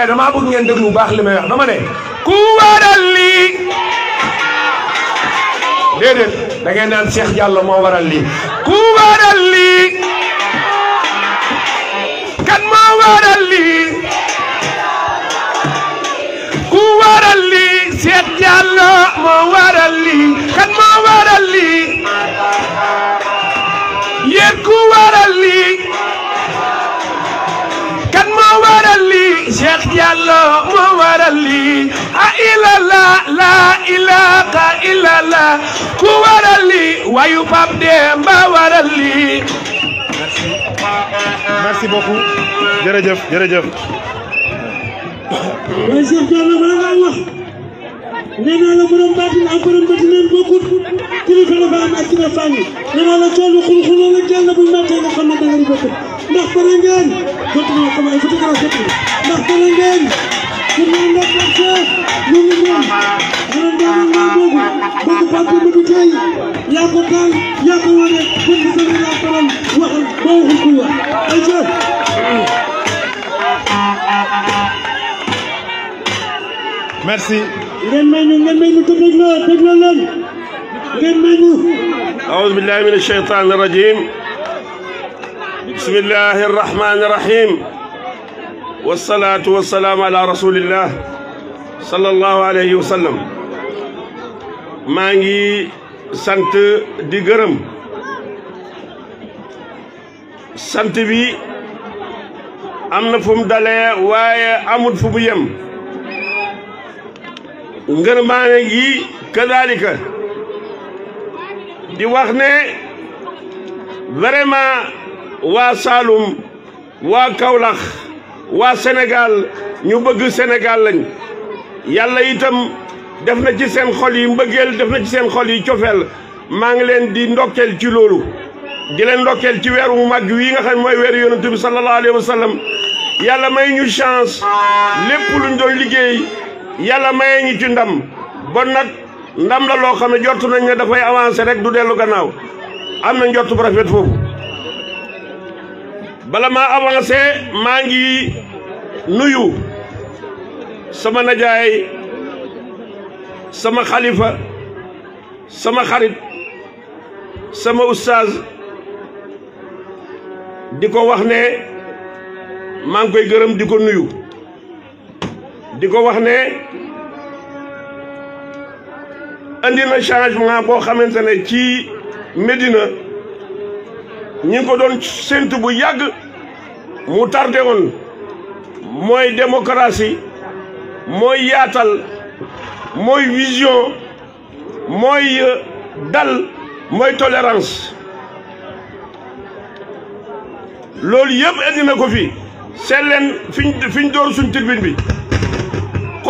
waaye eh, damaa bëgg ngeen déglu lu baax limay wax dama ne ku waral li déedéet da ngeen nan Cheikh Diallo mo waral li ku waral li kan mo waral li ku waral li Cheikh Diallo mo waral Diallo moo waral lii a ila la la ilaha ku waral lii wayu Pape Demba waral lii merci merci beaucoup jërëjëf jërëjëf nee naa la borom baatin ak borom batineen bokkut kilifa dafa am ak kilifa fànni nee naa la tool bi xul xuloo la jàll bu màttee nga xam ne da ngeen bokkut ndax pare ngeen jotu ma xam ay photographe jotu ndax pare ngeen pour ñu nga parce ñu ngi moom borom baatin maa boobu bëgg fàtte ba du tey yaa ko taal yaa ko wane pour ñu sa laa faral waxal boo waxul kuy wax ay jëf Merci. أعوذ بالله من الشيطان الرجيم بسم الله الرحمن الرحيم والصلاة والسلام على رسول الله صلى الله عليه وسلم مانجي سانت ديغرم سانت بي أمن فم دالي واي أمود فم ngërmaane gi kadalika di wax ne vraiment waa Saalum waa Kaolack waa senegaal ñu bëgg Sénégal lañ yàlla itam def na ci seen xol yi mbëggeel def na ci seen xol yi cofeel maa ngi leen di ndokkeel ci loolu di leen ndokkeel ci weer wu màgg wii nga xam mooy weeru yonent bi sallallahu alayhi wa sallam yàlla may ñu chance lépp luñ doon liggéey yàlla maye ñi ci ndam bon nag ndam la loo xam ne jot nañ ne dafay avancer rek du dellu gannaaw am na njort bu foofu bala maa avancer maa ngi nuyu sama najaay sama xalifa sama xarit sama ustaaz di ko wax ne maa ngi koy gërëm di ko nuyu di ko wax ne andi na changement boo xamante ne ci Médina ñi ngi ko doon sént bu yàgg mu tardé moy mooy démocratie mooy yaatal mooy vision mooy euh, dal mooy tolérance loolu yëpp indi na ko fi seet leen fiñ fiñ door suñ tribune bi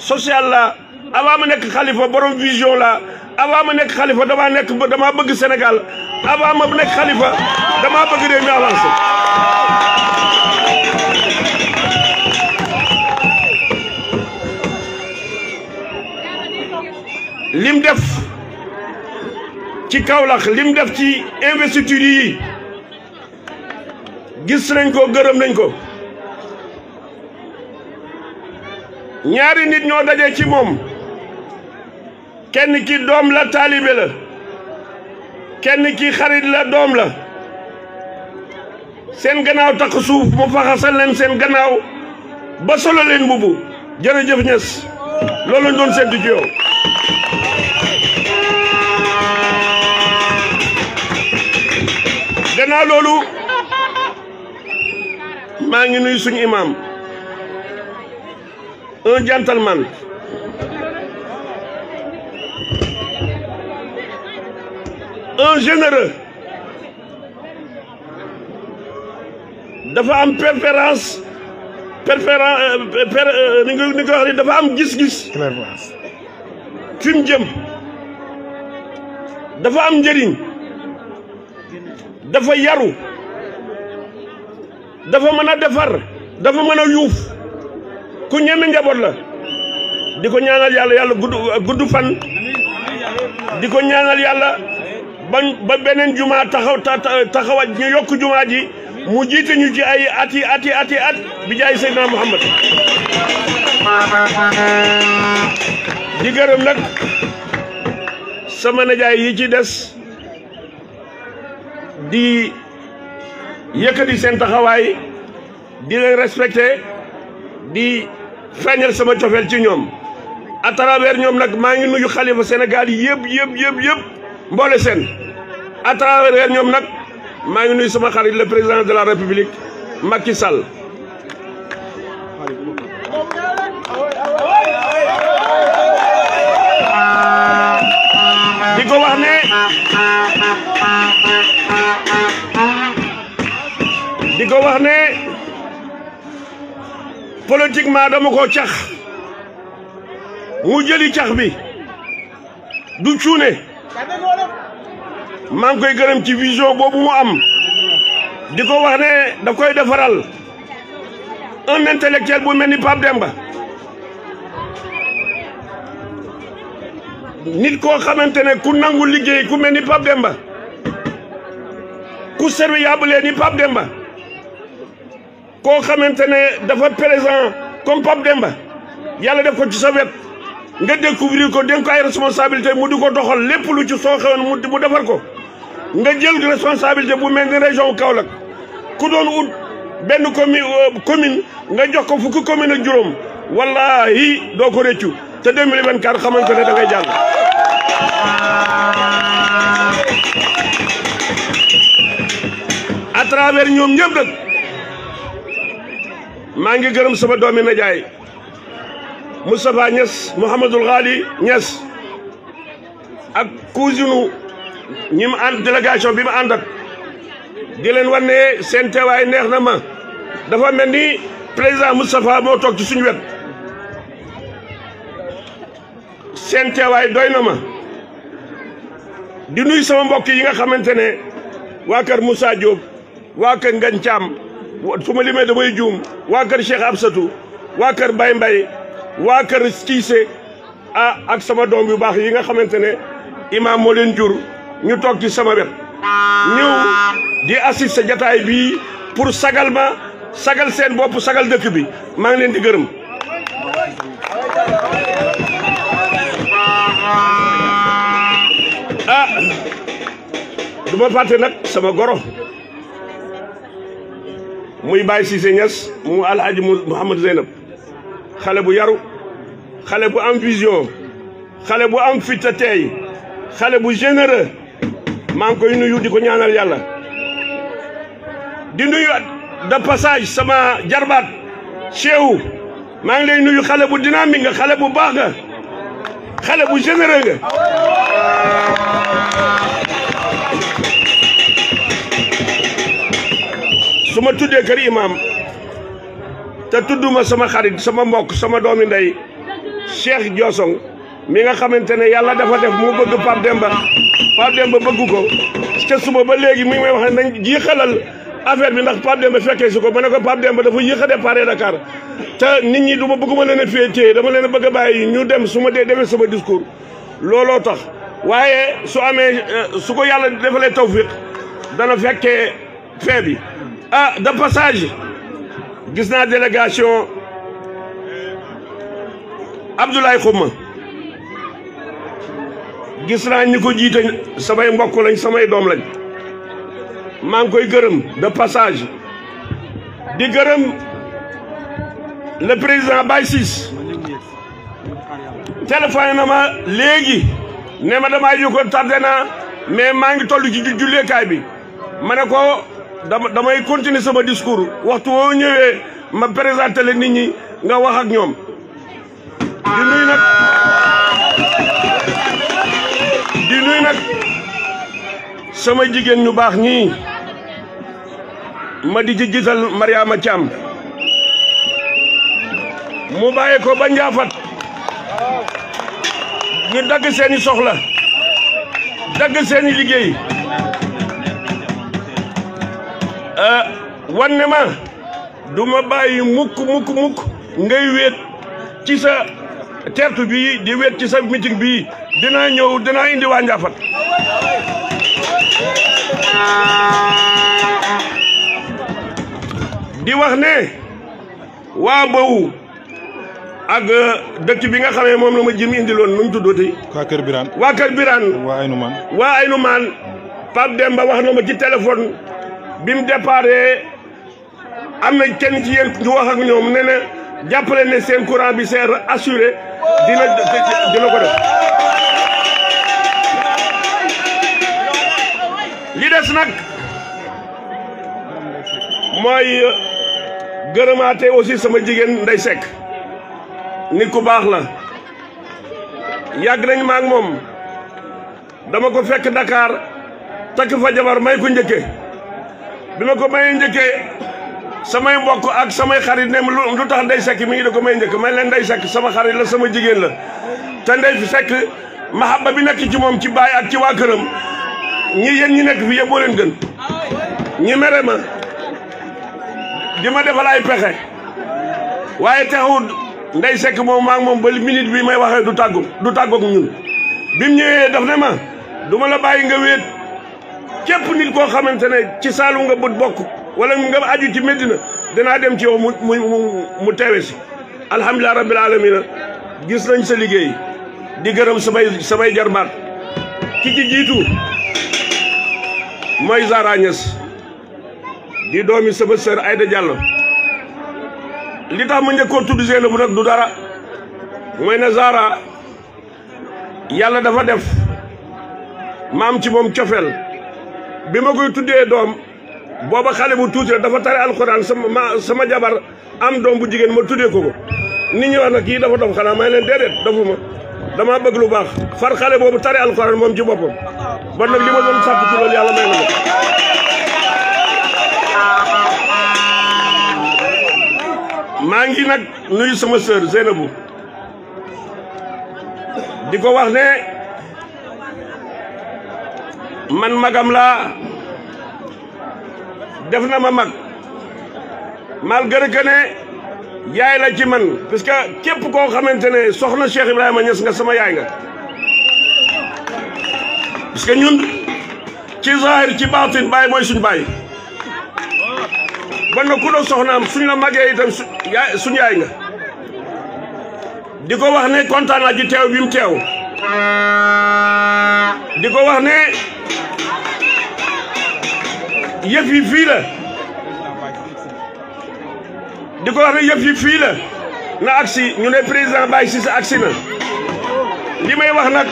social là, avant ma khalifa, bon borom vision là, avant ma khalifa, que bëgg Sénégal avant ma Khalifa khalifa limdef bëgg réew mi avancé lim def ci lim def ci gis nañ ko ñaari nit ñoo daje ci moom kenn ki doom la taalibe la kenn ki xarit la doom la seen gannaaw takk suuf mu faxasal leen seen gannaaw ba solo leen mbubu jërëjëf ñes loolu lañ doon séntu ci yow gannaaw loolu maa ngi nuyu suñu imaam un gentleman. Un généreux. devant am préférence préférence euh, euh, ni nga dafa am gis-gis. clairvoyance. dafa yaru dafa defar dafa Devant ku ñeme njaboot la di ko ñaanal yàlla yàlla gudd gudd fan di ko ñaanal yàlla ba ba beneen jumaa taxaw taxawa ñu yokk jumaa ji mu jiite ñu ci ay ati ati ati at bi jaay Seydina Muhammad di gërëm nag sama najaay yi ci des di yëkkati seen taxawaay di leen di fagnal sama cofeel ci ñom à travers ñom nak ma ngi nuyu khalifa Sénégal yépp yépp yépp yépp mbolé sen à travers ñom nak ma ngi nuyu sama xarit le président de la république Macky Sall diko wax ne di wax ne politiquement dama ko cax mu jëli cax bi du cuune maa ngi koy gërëm ci vision boobu mu am di ko wax ne da koy defaral un intellectuel bu mel ni Pape Demba nit koo xamante ne ku nangu liggéey ku mel ni Pape Demba ku serviable ni Pape Demba ko xamantene dafa présent comme Pape Demba yalla def ko ci sobet nga découvrir ko dénk ko ay responsabilité mu diko doxal lepp lu ci so xewon mu defal ko nga jël responsabilité bu melni région kaolak ku doon ut ben euh, commune nga jox ko fuk commune ak wallahi do ko reccu te 2024 xamante ne da ngay jall à travers ñom ñëpp nag maa ngi gërëm sama doomi najaay mustafa ñess Mouhamadul Ghali ñess ak cousinu ñim and ànd délégation bi ak di len wone ne teway teewaay neex na ma dafa melni ni président Moustapha moo toog ci suñu wet sen teway doyna ma di nuy sama mbokk yi nga xamantene ne waa Moussa Diop waa kër su limay da boy juum wa kër Cheikh absatu wa kër Mbaye Mbaye wa kër Cissé ah ak sama dom yu bax yi nga xamantene Imam imaam moo leen jur ñu tok ci sama wet ñëw di assiste jotaay bi pour sagal ma sagal sen bop sagal dekk bi ah, ma ngi len di gërem ah duma faté nak sama goro muy Baye Cissé Niass mu alhaji Mouhamad Zeynab xale bu yaru xale bu am vision xale bu am fit a teey xale bu généreux maa ngi koy nuyu di ko ñaanal yàlla di nuyu de passage sama jarbaat Cheikh maa ngi lay nuyu xale bu dynamique nga xale bu baax nga xale bu généreux nga su ma tuddee kër imaam te tudduma sama xarit sama mbokk sama doomi ndey Cheikh Diosong mi nga xamante ne yàlla dafa def mu bëgg Pape Demba Pape Demba bëgg ko ca suba ba léegi mi ngi may wax ne nañ jiixalal affaire bi ndax Pape Demba fekkee si ko ma ne ko Pape Demba dafa yéex a déparé Dakar te nit ñi du ma bëgguma leen a fee téye dama leen a bëgg a bàyyi ñu dem su ma dee demee sama discours looloo tax waaye su amee su ko yàlla defalee tawfiq dana fekkee fee bi a ah, de passage gis naa délégation Abdoulaye Xuma gis naa ñi ko jiite samay mbokk lañ samay doom lañ maa ngi koy gërëm de passage di gërëm le président Baye Ciss téléphoné na ma léegi ne ma damaa yëg naa mais maa ngi toll ci julleekaay bi ma ne ko dama damay continuer sama discours Waktu woo ñëwee ma présenté la nit ñi nga wax ak di nuy nak di nuy sama jigen ñu baax ñii ma di ci macam, Mariama cham mu bàyyi ko ba njaafat ñu dagg seeni soxla seeni liggéey Eh, wanne ma bayi ma mukk mukk mukk ngay wet ci sa tertu bi di wet ci sa meeting bi dina ñew dina indi wa njafat di wax ne wa bawu ak eh, dekk bi nga xamé mom la ma jëm indi lon nu tuddoti wa keur biran wa keur biran wa Aynu Maan. waa Aynu Demba wax na ma ci téléphone. Bim mu déparé am kenn ci yéen ñu wax ak ñom néna jappalé né sen courant bi sér assuré dina dina ko def li dess nak moy gërëmaate aussi sama jigen Ndeye sék ni ku bax la yag nañ ma ak mom dama ko fekk Dakar tak fa jabar may ko ñëkke bi ma ko mayee njëkkee samay mbokk ak samay xarit ne lu tax day Seck mi ngi da ko may njëkk may leen Ndeye Seck sama xarit la sama jigéen la te Ndeye Seck mahabba bi nekk ci moom ci baay ak ci waa këram ñi yéen ñi nekk fi yëpp boo leen gën ñi mere ma di ma defal ay pexe waaye taxul Ndeye Seck moom maa ngi moom ba minute bi may waxe du tàggu du tàggoog ñun bi mu ñëwee daf ne ma du ma la bàyyi nga wéet képp nit koo xamante ne ci saalum nga bët bokk wala nga aju ci Medina danaa dem ci yow mu mu mu teewe si alhamdulilah rabbil alamina gis nañ sa liggéey di gërëm samay samay jarbaat ki ci jiitu moy Zahra Niass di doomi sama sœur Aïda Diallo li tax ma njëkkoon tudd Zeynabu nag du dara mooy na Zahra yàlla dafa def maam ci moom cofeel bima koy tuddé dom boba xalé bu tuuti dafa taré alcorane sama sama jabar am dom bu jigen ma tuddé koko ko nit ñi wax nak yi dafa dom xana may leen dédé dafu ma bëgg lu baax far xalé bobu taré alcorane mom ci bopam ba nak lima doon sapp ci lool yalla may na ma ngi nak nuyu sama sœur Zeynabou di wax né man magam laa def na ma mag malgré que ne yaay la ci man parce que képp koo xamante ne soxna Cheikh Ibrahima Niass nga sama yaay nga parce que ñun ci zahir ci baatin baay mooy suñu baay ban na ku doon soxnaam suñ la magee itam su yaay nga di ko wax ne kontaan naa ci teew bi teew di ko wax ne yëf yi fii di ko wax ne yëf yi fii la na agsi ñu ne président Baye Cissé agsi na li may wax nag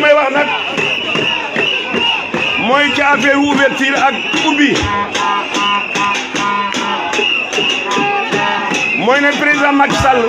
may wax nag mooy ci affaire ak ubbi mooy ne président Macky sal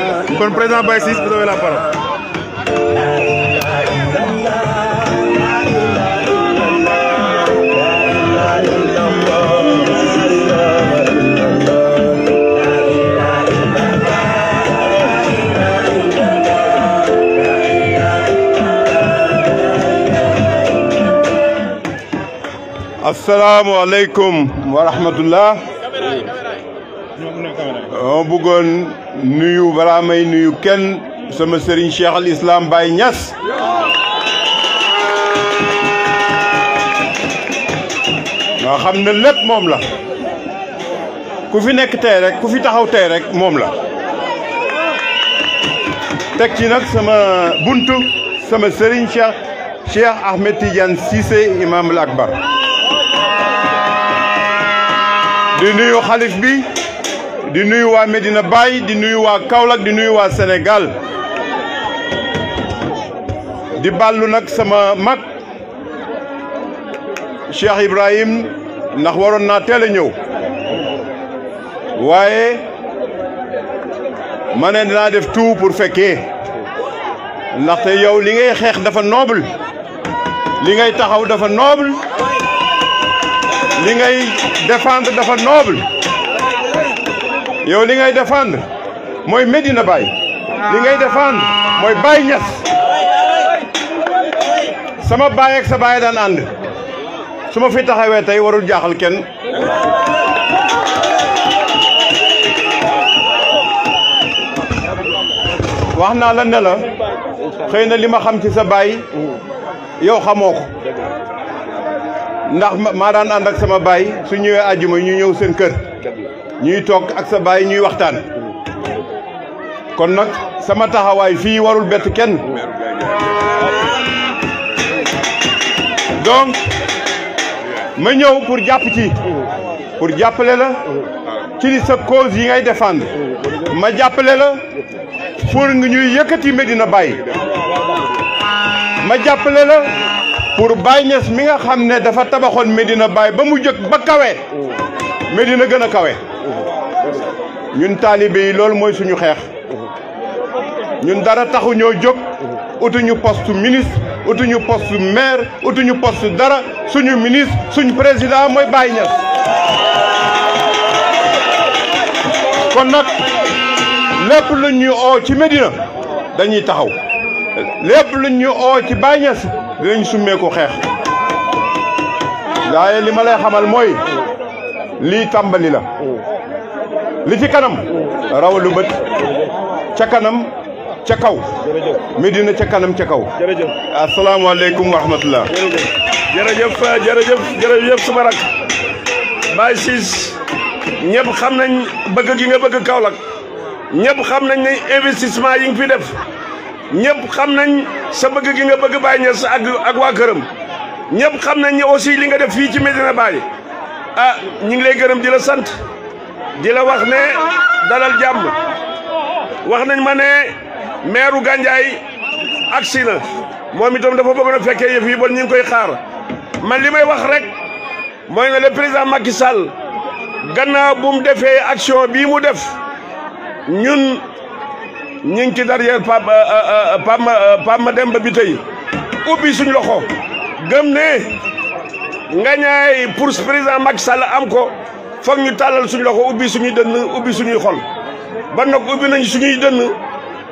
كن بريزان بايسيس بدو السلام عليكم ورحمة الله ma bëggoon nuyu balaa may nuyu kenn sama sëriñ Cheikh al Islam Baye nga xam ne lépp moom la ku fi nekk tey rek ku fi taxaw tey rek moom la teg ci nag sama bunt sama sëriñ Cheikh Cheikh Ahmed Tidiane Cissé imam akbar di nuyu xalif bi di nuyu waa Medina Baye di nuyu waa Kaolack di nuyu waa Sénégal di ballu nag sama mag Cheikh Ibrahim ndax waroon naa teel a ñëw waaye ma ne dinaa def tuu pour fekkee ndaxte yow li ngay xeex dafa noble li ngay taxaw dafa noble li ngay defant dafa noble yow li ngay défendre mooy Medina baay li ngay défendre mooy Baye Niass sama baay ak sa baay daan ànd su ma fi taxawee tey warul jaaxal ken wax naa la nela la xëy na li ma xam ci sa baay yow xamoo ko ndax maa daan ànd ak sama baay su ñëwee àjjuma ñu ñëw seen kër ñuy toog ak sa baay ñuy waxtaan kon nag sama taxawaay fii warul bett kenn donc ma ñëw pour jàpp ci jàppale la ci li sa cause yi ngay défendre ma jàppale la pour nga ñuy yëkkati Medina Baye ma jàppale la pour Baye Niass mi nga ne dafa tabaxoon Medina Baye ba mu jëkk ba kawe Medina gën a kawe ñun taalibe yi loolu mooy suñu xeex ñun dara taxu ñoo jóg utuñu poste ministre utuñu poste maire utuñu poste dara suñu ministre suñu président mooy Baye Niass kon nag lépp luñ ñu oo ci Médina dañuy taxaw lépp luñ ñu oo ci Baye Niass dinañ summee ko xeex waaye li ma lay xamal mooy lii tàmbali la li ci kanam rawalu bët ca kanam ca kaw Médina ca kanam ca kaw asalaamaaleykum wa rahmatullah jërëjëf jërëjëf jërëjëf suma rak Baye Ciss ñëpp xam nañ bëgg gi nga bëgg Kaolack ñëpp xam nañ ne investissement yi nga def ñëpp xam nañ sa bëgg gi nga bëgg Baye Niass ak ak waa këram ñëpp xam nañ ne aussi li nga def fii ci me Baye ah ñu ngi lay gërëm di la sant di la wax ne dalal jàmm wax nañ ma ne meeru Gandiaye agsi na moom itam dafa bëgg na fekkee yëf yi bon ñu ngi koy xaar man li may wax rek mooy ne le président Macky Sall gannaaw bu mu defee action bii mu def ñun ñu ngi ci derrière Pape euh, euh, euh, Pape Pape Mademba bi tey ubbi suñ loxo gëm ne ngañaay pour président Macky Sall am ko foog ñu tàllal suñu loxo ubbi suñuy dënn ubbi suñuy xol ba nag ubbi nañ suñuy dënn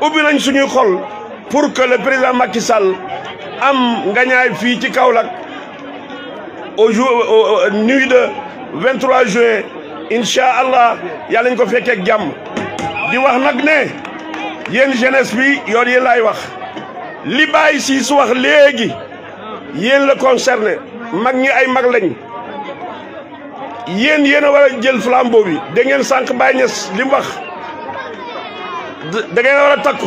ubbi nañ suñuy xol pour que le président Macky Sall am ngañaay fi ci Kaolack au jour nuit de 23 juin inshallah allah yàlla ñu ko fekkee ak jàmm. di wax nak né yeen jeunesse bi yoon yi lay wax li bay ci su wax légui yeen la concerné mag ñi ay mag lañ. yéen yéen a war jël flambeau bi da ngeen sànq Baye Niass li mu wax da ngeen a war a takku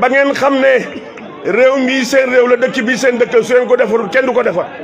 ba ngeen xam ne réew mii seen réew la dëkk bi seen dëkk su ngeen ko defarul kenn du ko defar.